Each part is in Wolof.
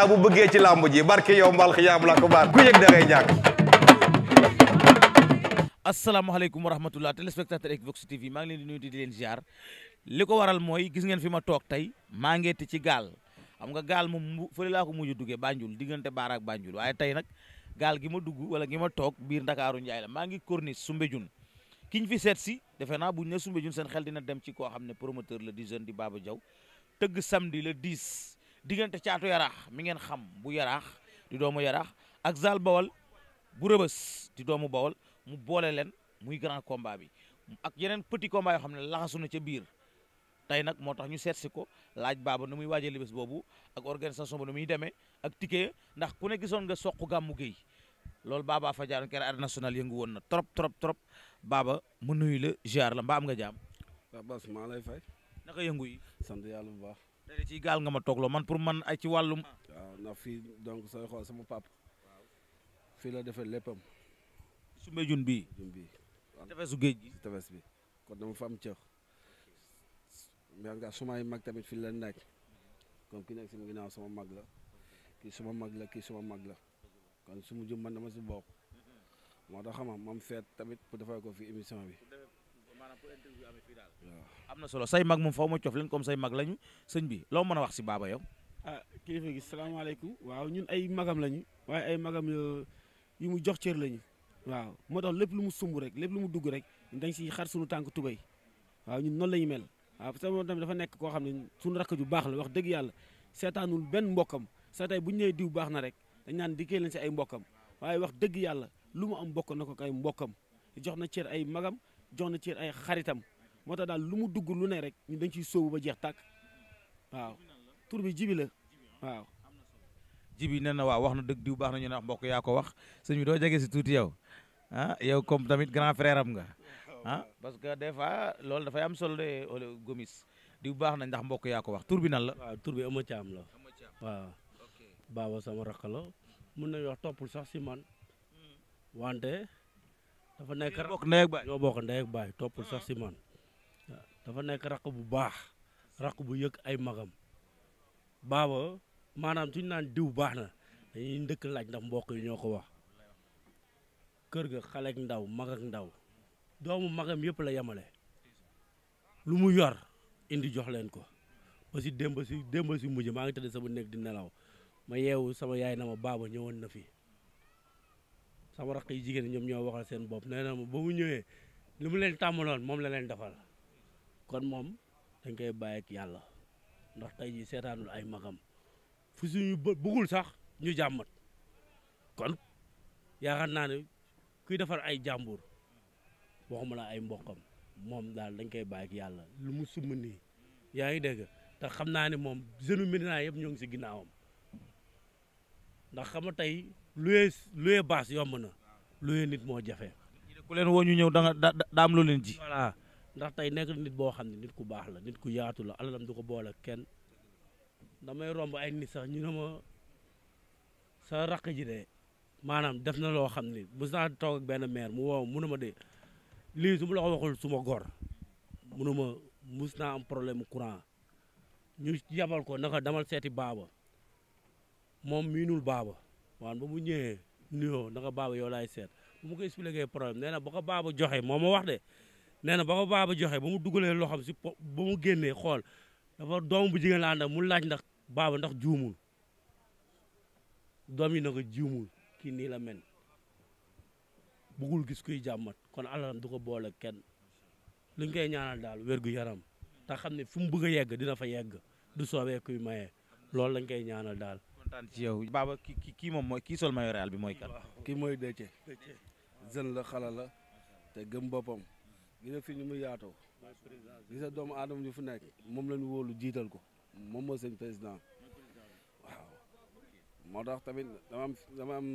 naa bu bëggee ci làmb ji barke yow mbal xiyaam la ko baar ku yëg da ngay ñàkk asalaamaaleykum wa rahmatullah téléspectateur Equivox TV maa ngi leen di nuyu di leen ziar li ko waral mooy gis ngeen fi ma toog tey maa ngeeti ci gaal xam nga gaal moom fële laa ko mujj duggee Banjul diggante Baara ak waaye tey nag gaal gi ma dugg wala gi ma toog biir Ndakaaru Njaay la maa ngi Corniche Soumbédioune kiñ fi seet si defe naa bu ñu ne Soumbédioune seen xel dina dem ci koo xam ne promoteur la di jeune di baaba Diaw tëgg samdi la 10 diggante caatu yaraax mi ngeen xam bu yaraax di doomu yaraax ak zal bawal bu rëbës di doomu bawal mu boole leen muy grand combat bi ak yeneen petit combat yoo xam ne laxasu na ca biir tey nag moo tax ñu seet si ko laaj baaba nu muy waajee bés boobu ak organisation ba nu muy demee ak ticket ndax ku ne gisoon nga soq gàmmu géey loolu baaba fa jaaroon keroog arène nationale yëngu woon na trop trop trop baaba mu nuyu la ziar la mbaa am nga jaam. waaw Bas maa lay fay. naka yëngu bu baax. léegi ci gaal nga ma toogloo man pour man ay ci wàllum. waaw ndax fii donc sooy xool sama pap fii la defee léppam. su mbéjun bii. bii tefesu géej gi. tefes bi kon dama fa am cër. mais mag tamit fii la nekk comme ki nekk si ginnaaw sama mag la kii suma mag la ki suma mag la kon su ma jëm man dama si bokk moo tax xam moom feet tamit pour defal ko fi émission bi. am na solo say mag moom faw ma cof leen comme say mag lañu sëñ bi loo mën a wax si baaba yow. ah kilifa gi salaamaaleykum waaw ñun ay magam lañu waaye ay magam euh, yu mu jox cër lañu waaw moo tax lépp lu mu sumb rek lépp lu mu dugg rek dañ si xar suñu tànk tubay waaw ñun noonu la ñu mel waaw parce que moom tamit dafa nekk koo xam ne suñu rakk ju baax la wax dëgg yàlla seetaanul benn mbokkam seetaay bu ñu nee diw baax na rek dañ naan dikkee leen si ay mbokkam waaye wax dëgg yàlla lu mu am bokk na ko kay mbokkam jox na cër ay magam jox na cër ay xaritam moo tax daal lu mu dugg lu nee rek ñu dañ ciy sóobu ba jeex tàkk waaw tur bi jibi la waaw. jibi nee na waaw wax na dëgg diw baax na ñu ne mbokk yaa ko wax sëñ bi doo si tuuti yow ah yow comme tamit grand frère nga ah parce que des fois loolu dafay am solo de gomis diw baax na ndax mbokk yaa ko wax tur nan la. waaw tur bi ama caam la waaw. baaba sama rakk la mun na wax toppul sax si man hmm. wante. dafa nekk bokk ndey ak baay baay toppul sax si man ah. dafa nekk raq bu baax raq bu yëg ay magam baaba maanaam suñu naan diw baax na dañuy ndëkk laaj ndax mbokk yi ñoo ko wax kër ga xale ak ndaw mag ndaw doomu magam yëpp la yemale lu mu yor indi jox leen ko ba si démb si démb si mujj maa ngi tëdd sama néeg di nelaw ma yeewu sama yaay na ma baaba ñëwoon na fi sama rakk yi jigéen ñoom ñoo waxal seen bopp nee na ba mu ñëwee li mu leen tàmmaloon moom la leen defal kon moom dañ koy bàyyi yàlla ndax tey jii seetaanul ay magam fu suñu bëggul sax ñu jàmmat kon yaakaar naa ne kuy defar ay jàmbur waxuma la ay mbokkam moom daal dañ koy bàyyi yàlla lu mu sumb nii yaa ngi dégg te xam naa ne moom jeune Médina yëpp ñoo ngi si ginnaawam ndax xam nga luye baas yomb na luye nit moo jafe. ku leen woo ñu ñëw da nga da am lu leen ji. voilà ndax nekk nit boo xam ne nit ku baax la nit ku yaatu la alalam du ko boole kenn damay romb ay nit sax ñu ne ma sa raq ji de maanaam def na loo xam ne bu sax toog ak benn maire mu wow mu ne ma de lii su ma la ko waxul su gor mu ne ma mus naa am problème courant ñu yabal ko naka damal seeti baaba moom miinul baaba. waan ba mu ñëwee nuyoo ndaxa baaba yow laay seet bu mu ko expliqué problème nee na ba ko baaba joxe moo ma wax de nee na ba ko baaba joxe ba mu dugalee loxam si ba mu génnee xool dafa doom bu jigéen la ànd mu laaj ndax baaba ndax juumul doom yi na ko juumul kii nii la men bugul gis kuy jàmmat kon alalam du ko boole kenn lu koy ñaanal daal wérgu yaram te xam ne fu mu bëgg a yegg dina fa yegg du soobee kuy maye loolu lañ koy ñaanal daal kontaan ci yow baaba kii moom mooy kii sol maillot Real bi mooy kan. kii mooy Déthié. jeune la xale la te gëm boppam. gis nga fi ñu muy yaatoo. gis doomu aadama ñu fu nekk. moom la ñu wóolu jiital ko. moom moo seen président waaw. moo tax tamit dama am dama am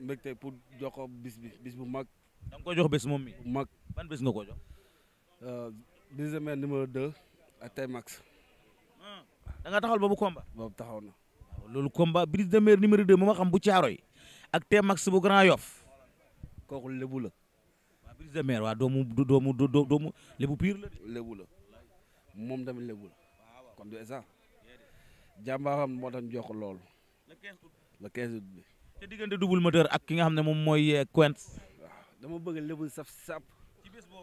mbégte pour jox ko bis bi bis bu mag. da nga ko jox bés moom mi bu mag ban bés nga ko jox. deuxième numéro 2 max Taymax. Ah. da nga taxawal boobu boobu taxaw na. loolu combat brise de mer numéro 2 moo xam bu Caaroy ak Tmax bu Grand Yoff kooku lébu la waa brise de mer waa doomu doomu doomu la. lébu la moom tamit lébu la kon du esaat moo tax jox ko loolu le 15 août bi. diggante double moteur ak ki nga xam ne moom mooy eh, Quench. dama bëgg lébu saf sap.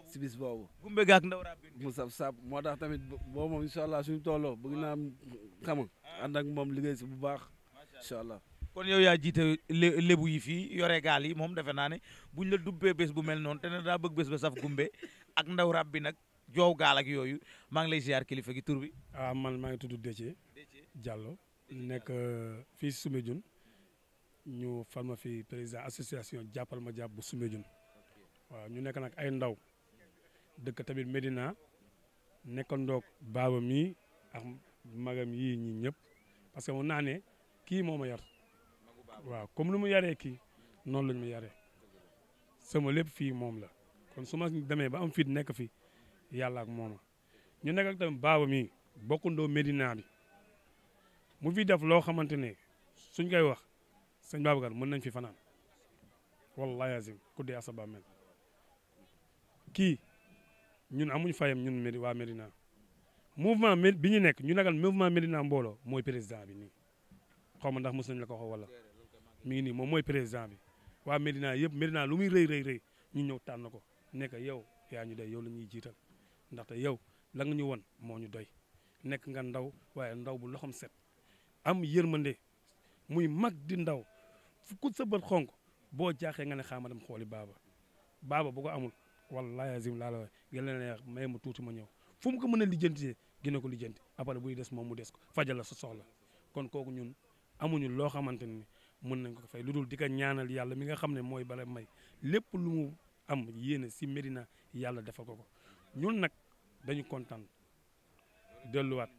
si bis boobu gumbe gaak ndaw mu saf sap moo tax tamit boo moom incha allah tolloo bëgg naa ànd ak moom liggéey si bu baax incha allah. kon yow yaa jiite lébu yi fii yore gaal yi moom defe naa ne buñ la dubbee bés bu mel noonu te ne daa bëgg bés ba saf gumbe ak ndaw rab bi nag joow gaal ak yooyu maa ngi lay ziar kilifa gi tur bi. ah man maa ngi tudd Déthié Diallo nekk euh, fii Soumbédioune ñu fal fi président association jàppal ma jàpp bu Soumbédioune waaw ñu nekk nag ay ndaw dëkk tamit Medina nekkandoog baaba mi ak magam yii ñi ñëpp. parce que mun naa ne kii moo ma yar waaw comme nu mu yaree kii noonu lañ mu yaree sama lépp fii moom la kon su ma demee ba am fit nekk fi yàlla ak mooma ñu nekk ak tamit baaba mi bokkundoo Medina bi mu fi def loo xamante ne suñ koy wax sëñ Babacar mën nañ fi fanaan wallahi azim ku dee asaba mel kii ñun amuñ fayam ñun Medi waa Medina mouvement mi bi ñu nekk ñu nagal mouvement Medina mbooloo mooy président bi nii xaw ma ndax mos nañ la ko wax wala mi ngi nii moom mooy président bi waa Medina yëpp Medina lu muy rey rëy rëy ñu ñëw tànn ko nekk yow yaa ñu day yow la ñuy jiital ndaxte yow la nga ñu won moo ñu doy nekk nga ndaw waaye ndaw bu loxam set am yërmande muy mag di ndaw fu sa bët xonk boo jaaxee nga ne xaaral ma dem xooli baaba baaba bu ko amul wallaahi azim laa la wax yàlla na may ma tuuti ma ñëw. fu mu ko mën a lijjantee dina ko lijjanti après buy des moom mu des ko fajal la sa soxla kon kooku ñun amuñu loo xamante ni mën nañ ko fay lu dul di ko ñaanal yàlla mi nga xam ne mooy bala may lépp lu mu am yéene si Medina yàlla defal ko ko ñun nag dañu kontaan delluwaat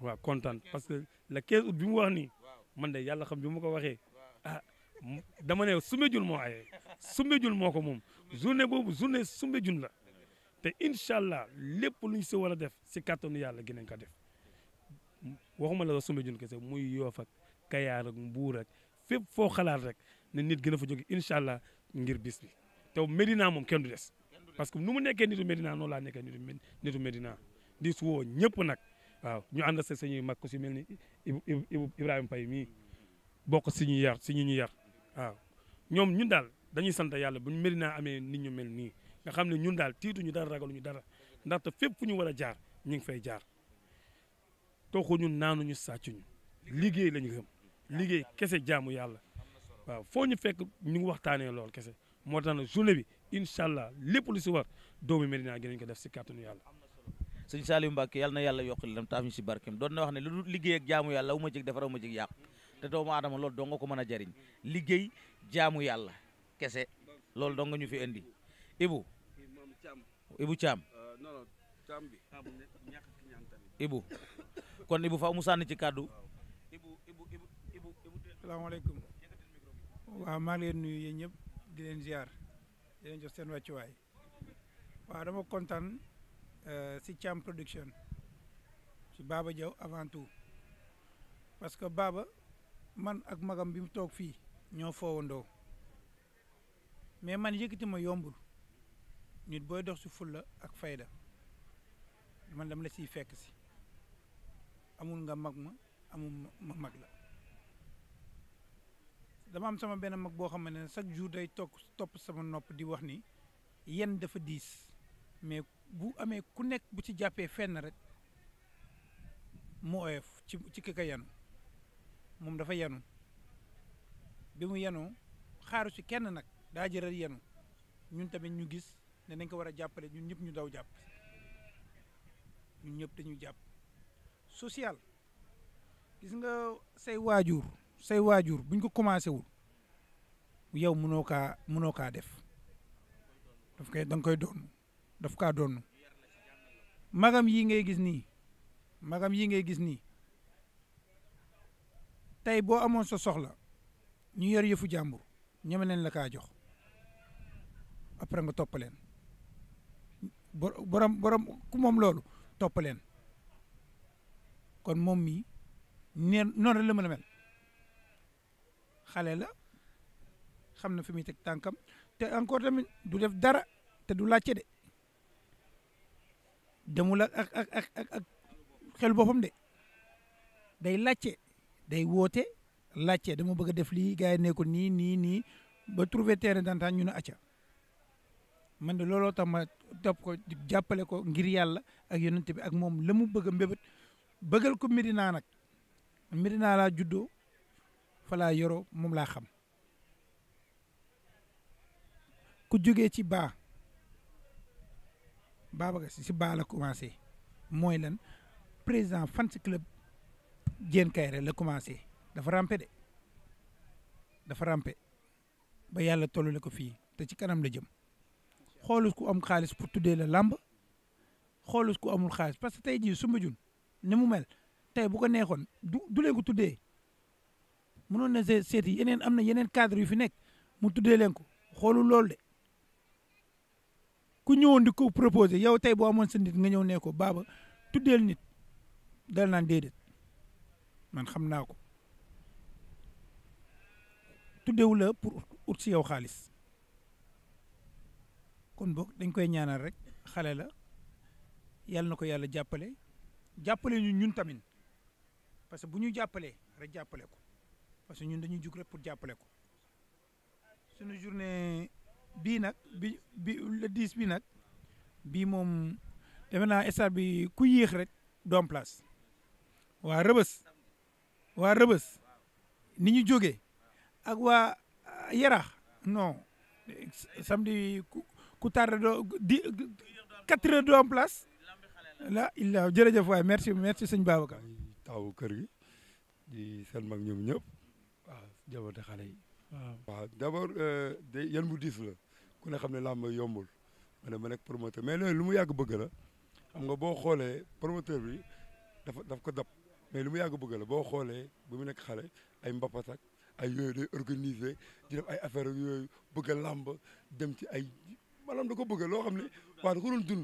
waaw kontaan parce que le bi mu wax nii man de yàlla xam bi ma ko waxee ah dama ne Soumbédioune moo aye Soumbédioune moo ko moom journée boobu journée Soumbédioune la te incha allah lépp lu si war def si kàttanu yàlla ginañ ko def waxuma la sumbe jun kese muy yoof ak kayaar ak mbuur fépp foo xalaat rek ne nit gën a fa jóge incha allah ngir bis bi te Medina moom kenn du des parce que nu mu nekkee nitu Medina noo laa nekkee nitu nitu Medina di su woo ñëpp nag waaw ñu ànd sa suñuy mag ku si mel mii bokk si ñu yar si ñu ñu yar daal dañuy sant yàlla bu Medina amee nit ñu mel nii nga xam ne ñun daal tiituñu dara ñu dara ndaxte fépp fu ñu war a jaar ñu ngi fay jaar toxuñu naanuñu sàccuñu liggéey lañu gëm liggéey kese jaamu yàlla waaw foo ñu fekk ñu ngi waxtaanee lool kese moo tax nag bi incha allah lépp lu si war doomu Medina gi nañ ko def si kàttanu yàlla. sëñ Saliou Mbacke yàlla na yàlla yokk leen taaf ñu si barkeem doon na wax ne lu liggéey ak jaamu yàlla wu ma cig defar wu ma cig yàqu te doomu aadama lool doo ko mën a jariñ liggéey jaamu yàlla kese loolu doo ñu fi indi Ibou Thiam. Euh, non non Thiam bi. Ibou kon Ibou faaw mu sànni ci kàddu. Ibou Ibou Ibou Ibou. salaamaaleykum. waaw maa ngi leen nuyu yéen ñëpp di leen ziar di leen jox seen wàccuwaay waaw dama kontaan euh, si Thiam production si Baba Diaw avant tout parce que Baba man ak magam bi mu toog fii ñoo foowandoo mais man yëkkati ma yombul. nit booy dox si ful la ak fayda man dama la siy fekk si amul nga mag ma amul ma mag la dama am sama benn mag boo xam ne chaque jour day toog topp sama nopp di wax ni yen dafa diis mais bu amee ku nekk bu ci jàppee fenn rek mu oyof ci ci ki ka yanu moom dafa yanu bi mu yanoo xaaru si kenn nag daa jëral yanu ñun tamit ñu gis ne nañ ko war a jàppale ñun ñëpp ñu daw jàpp ñun ñëpp dañuy jàpp social gis nga say waajur say waajur buñ ko commencé wul yow mënoo kaa mënoo kaa def daf koy da nga koy doon daf kaa doon magam yi ngay gis nii magam yi ngay gis nii tey boo amoon sa soxla ñu yor yëfu jàmbur ñeme leen la kaa jox après nga toppaleen borom borom ku moom loolu topp kon moom mii neen noonu la mën a xale la xam na fi muy teg tànkam te encore tamit du def dara te du laajte de demul ak ak ak xel boppam de day laajte day woote laajte dama bëgg def lii gars yi ne nii nii nii ba trouver terrain d'entente ñu ne acca man de looloo tax ma ko jàppale ko ngir yàlla ak yonent bi ak moom la mu bëgg a bëggal ko Medina nag Medina laa juddoo falaa laa moom laa xam ku jógee ci baa Babacar Sy si baa la commencé mooy lan président fan si club Diène Kaïré la commencé dafa rampe de dafa rampe ba yàlla tollale ko fii te ci kanam la jëm xoolus ku am xaalis pour tuddee la làmb xoolus ku amul xaalis parce que tey jii sumba jun ni mu mel tey bu ko neexoon du du leen ko tuddee mënoon na seet yi yeneen am na yeneen cadre yu fi nekk mu tuddee leen ko xoolul loolu de ku ñëwoon di ko proposé yow tey boo amoon sa nit nga ñëw nee ko baaba tuddeel nit dal naan déedéet man xam naa ko tuddeewu la pour ut si xaalis kon boog dañ koy ñaanal rek xale la yàlla na ko yàlla jàppale jàppale ñu ñun tamit parce que bu ñu jàppalee rek jàppale ko parce que ñun dañuy jug rek pour jàppale ko suñu journée bii nag bi bi le 10 bii nag bii moom defe naa stade bi ku yéex rek doom place waa Rëbës waa Rëbës ni ñu jógee ak waa Yaraax non samedi ku tardé doo di quatre heures doo place la illa jërëjëf waay merci merci sëñ Babacar taawu kër gi di seen mag ñoom ñëpp waaw jaboote xale yi waaw waaw d' abord euh, da yan bu diis la ku ne xam ne làmb yombul ma ne ma nekk promoteur mais loolu lu mu yàgg bëgg la xam nga boo xoolee promoteur bi dafa daf ko dab mais lu mu yàgg bëgg la boo xoolee bu mu nekk xale ay mbapat ak ay yooyu day organiser di ay affaire yooyu bëgg a làmb ci ay maanaam da ko bëgg loo xam ne waaw da ko doon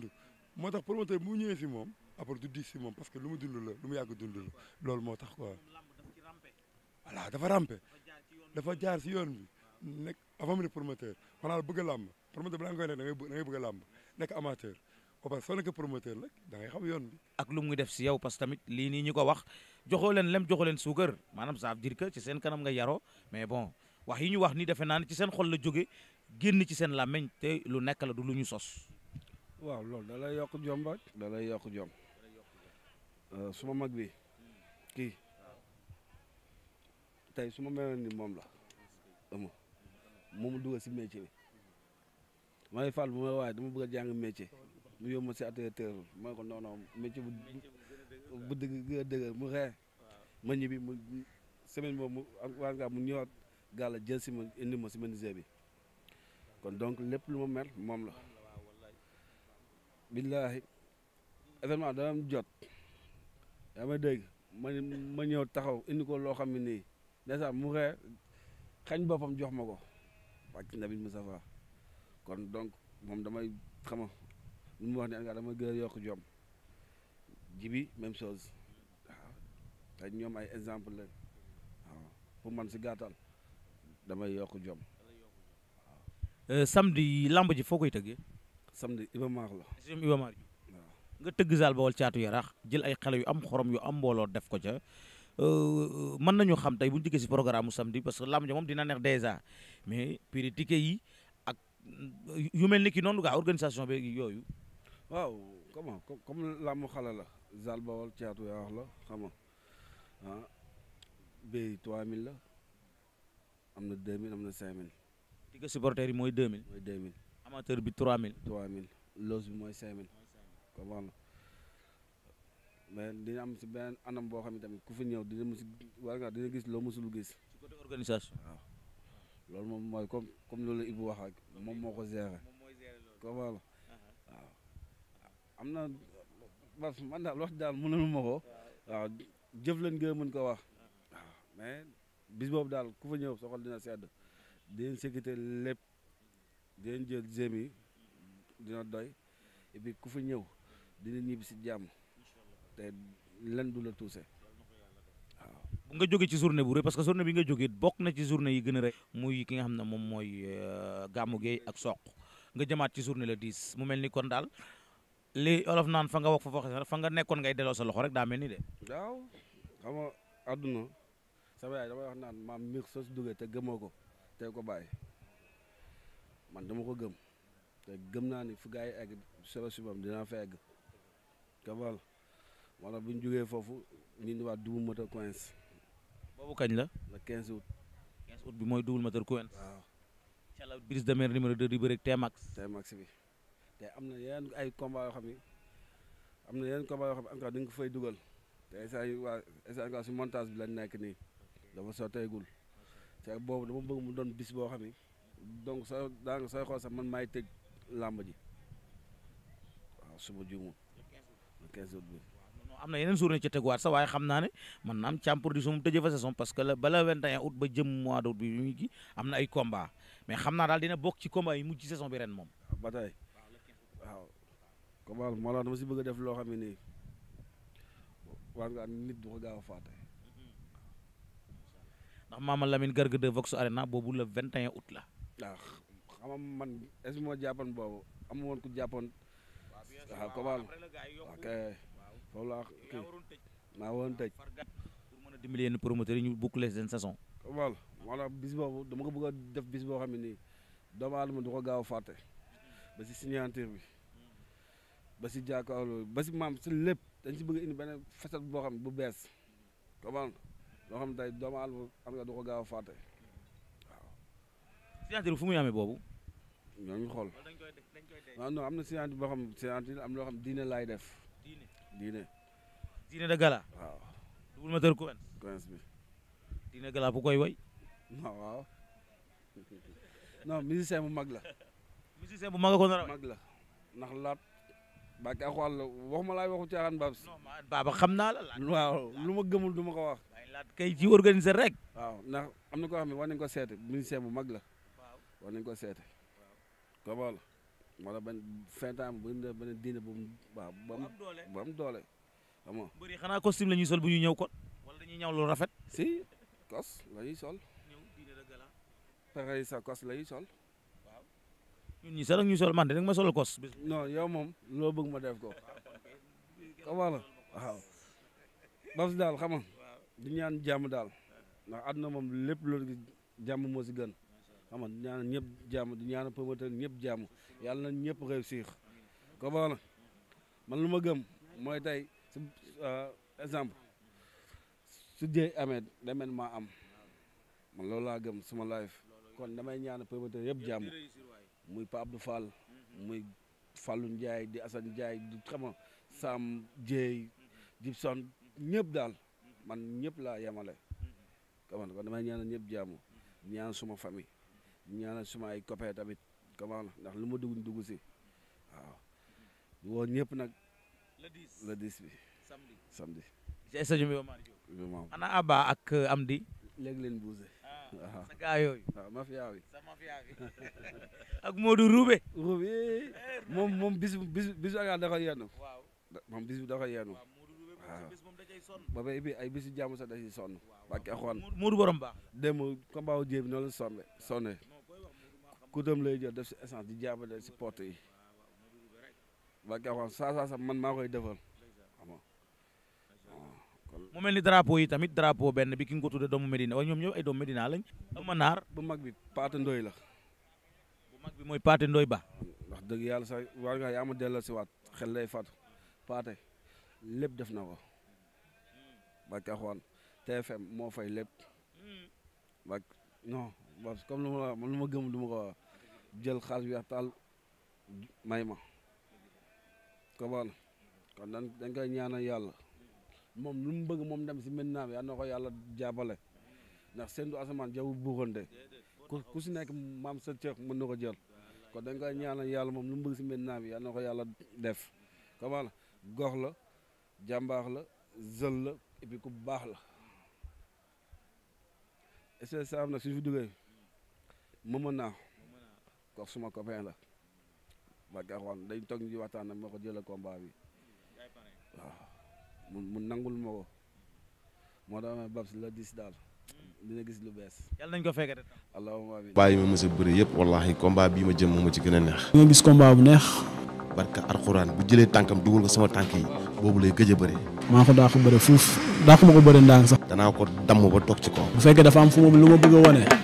moo tax promoteur bu ñëwee si moom après du diis si moom parce que lu mu dund la lu mu yàgg dund loolu moo tax quoi voilà dafa rampe dafa jaar si yoon bi nekk avant mu ne promoteur maanaam bëgg a làmb promoteur balaa nga koy nekk da ngay da amateur ba pare soo nekkee promoteur da ngay xam yoon bi. ak lu mu def si yow parce que tamit lii nii ñu ko wax joxoo leen lem joxoo leen suukar maanaam ça veut dire que ci seen kanam nga yaro mais bon wax yi ñu wax ni defe naa ne ci seen xol la jóge génn ci seen làmmiñ te lu nekk la du lu ñu sos. waaw loolu da lay yokk jom rek. da lay yokk jom euh, suma mag bi kii tey su ma meloon ni moom la ëmm moomu dugal si métier bi may fal bu may waaye dama bëgg a jàng métier mu yóbbu ma si atelier ma ko non non métier dëgg mu xee ma ñibbi mu semaine boobu mu en tout cas mu ñëwaat gàll jël si ma indi ma si bi. kon donc lépp lu ma mer moom la billaahi événement dama am jot yaa ma dégg ma ma ñëw taxaw indi ko loo xam ne nii dèjà mu boppam jox ma ko wàcc nabi Moustapha kon donc moom damay xama lu mu wax ne nga damay gën a yokk jom jibi même chose waaw ñoom ay exemple la waaw man si gàttal damay yokk jom Euh, samedi lamb ji foo koy tëggee. samedi Iba Mar la. Iba nga tëgg saal Bawol caatu yaraax jël ay xale yu am xorom yu am mbooloo def ko ca euh, mën nañu xam tey bu ñu si programme mu samedi parce que lamb ji moom dina neex dèjà mais prix ticket yi ak yu mel ni ki noonu gaa organisation bi yooyu. waaw comment comme lamb xale la saal Bawol caatu yaraax la xam nga ah bay la am na 2000 am na 5000. ticket supporter yi mooy 2000. mooy 2000 amateur bi 3000. mil loge bi mooy 5000. comprendre mais dina am si beneen anam boo xam ne tamit ku fi ñëw dina mus war nga gis loo musul gis. waaw loolu moom mooy comme comme loolu Ibou wax ak moom moo ko gérer. moom mooy gérer loolu comprendre uh-huh. waaw na parce que man daal wax daal mënul ma ko. waaw jëf leen gën mën ko wax. Uh-huh. waaw mais bis boobu daal ku fa ñëw soxal dina sedd. di leen sécurité lépp di leen jël zemi dina doy et ku fi ñëw dina ñibbi si jàmm te len du la tuuse waaw. bu nga jógee ci journée bu rëy parce que journée bi nga jógee bokk na ci journée yi gën a rek muy ki nga xam ne moom mooy euh, gàmmu gi ak soq nga jamaat ci journée la 10 mu mel ni kon daal li olof naan fa nga wax fa fa nga nekkoon ngay delloo sa loxo rek daa mel ni de. waaw xam nga àdduna sama yaay damay wax naan maam mi soo si duggee te gëmoo ko. te ko bàyyi man dama ko gëm te gëm naa ni fu gars yi egg solo si moom dinaa fa egg te voilà bu ñu jógee foofu ñu indiwaat double moteur coince. boobu kañ la. le 15 août. bi mooy double moteur coince. waaw. incha allah brise de mer numéro 2 di bëri T-Max. T-Max bi te am na yeneen ay combat yoo xam ni am na yenn combat yoo xam ne encore dañ ko fay dugal te instant yii waa instant si montage bi lañ nekk nii dafa sotteegul. ci boobu dama bëgg mu doon bis boo xam donc soo daanaka sooy xool sax man maay tëj làmb ji waaw suba juumul le bi. am na yeneen journée ci waat sax waaye xam naa ne man naam Thiam production mu tëjee fa saison parce que la bala 21 août ba jëm mois d' août bi mu am na ay combat mais xam naa daal dina bokk ci komba yi mujj ci bi ren moom. waaw ba tey waaw combat moo la dama si bëgg a def loo xam ne nii war nga nit du ko gaaw a fàtte. ndax Maama Lamine Garga de Vox Arena boobu le 21 août la. waaw ah, xamam man est-ce que moo jàppoon boobu am woon ku jàppoon waaw Kobaal ah, ok foofu laa kii maa woon tëj. pour mën a dimbali yenn promoteurs yi ñu boucler seen saison. Kobaal maanaam bis def bis boo xam ne nii doomu aadama du ko gaaw a fàtte ba si signature bi ba si jàkkaarloo ba si maam si lépp dañ si bëgg indi benn facette boo xam bu bees Kobaal. loo xam ne tey doomu aadama am nga du ko gaaw a fàtte fu muy amee boobu. ñooñu xool waaw non am na signature boo xam signature am loo xam diine laay def. diine diine. diine de gala. waaw. double moteur Quench. Quench bi. diine gala bu koy woy. non waaw non musicien bu mag la. musicien bu mag la ko nar a mag la ndax laat. bàkki ak ma laay waxu caaxaan baab si. non xam naa la. lu ma gëmul du ma ko wax. laat kay ci organiser rek. waaw ndax am na koo xam ne war nañu ko seete ministère bu mag la. waaw war nañu ko seete. waaw wala ban fin temps bu ñu mu. waaw bu doole bu am doole. xam nga xanaa costume la sol bu ñuy ñëw kon. wala dañuy ñëw lu rafet. si kos sol. ñëw diine sol. waaw ñi sax nag sol man de nag ma sol kos. non moom loo bëgg ma def ko. xam nga waaw. bas daal xam di ñaan jàmm daal ndax àdduna moom lépp loolu jàmm moo si gën xam nga di ñaan ñëpp jàmm di ñaan promoteur ñëpp jàmm yàlla na ñëpp réussir ko ba na man lu ma gëm mooy tey si euh, exemple su jeey amee maa am man loolu laa gëm suma life kon damay ñaan promoteur yëpp jàmm muy Pape Abdou Fall muy falu Ndiaye di Assane Ndiaye di xama Sam Dieye Gibson ñëpp daal man ñëpp laa yemale. comment kon damay ñaanal ñëpp jàmm. suma famille. ñaanal suma ay copains tamit comment ndax lu ma dugg dugg si ñëpp nag. le 10 le bi. samedi samedi. ci stade Iba ana Abba ak euh, Amdi. léegi leen bousee. Ah. waaw sa gaa yooyu. ak Modou Roubé. Roubé eh, moom moom bis bis bisu ak dafa yenn. moom bis bi dafa yenn. ba ba ay bisu jàmm sax da ciy sonn bàkki axoon muur borom baax dem combat wu ba noonu la sonne sonne ku dem lay jël def si essence di jaabale si porte yi bàkki axoon saa saa sax man maa koy defal xam mel ni drapeau yi tamit drapeau benn bi ki nga ko tudde doomu Medina waaye ñoom ñëpp ay doomu Medina lañ bu mag bi Paate Ndoy la bu mag bi dëgg yàlla sax waa nga yaa ma si waat xel lay fatu Paate lépp def na ko barke Alxuraan TFM moo fay lépp ba non comme lu ma la man lu ma gëm du ma ko jël xaalis bi taal may ma ko baax na kon dañ dañ ñaana ñaanal yàlla moom lu mu bëgg moom dem si maintenant bi yal na ko yàlla jàppale ndax seen du asamaan jaww buuxante ku ku si nekk maam sa ceex mën na ko jël kon dañ koy ñaanal yàlla moom lu mu bëgg si maintenant bi yal na ko yàlla def ko baax la jàmbaax la zël la et puis ku baax la est ce am nag suñu fi duggee mëma naa kox suma copain la barkaxwaan dañ toog ñu waxtaan na moo ko jël combat bi waaw mu mu ma ko moo tax la dis daal dina gis lu bees. yàlla nañ ko fekk rek. allahumma amiin. bàyyi ma mës a bëri yëpp wallaahi combat ma jëm moo ma ci gën a neex. nga gis combat bu neex. barka alxuraan bu jëlee tànkam dugal ko sama tànk yi boobu lay gëj a bëri maa ko daa ko bëri fuuf ko ma ko sax danaa ko damm ba toog ci kaw bu fekkee dafa am fu mu lu ma bëgg a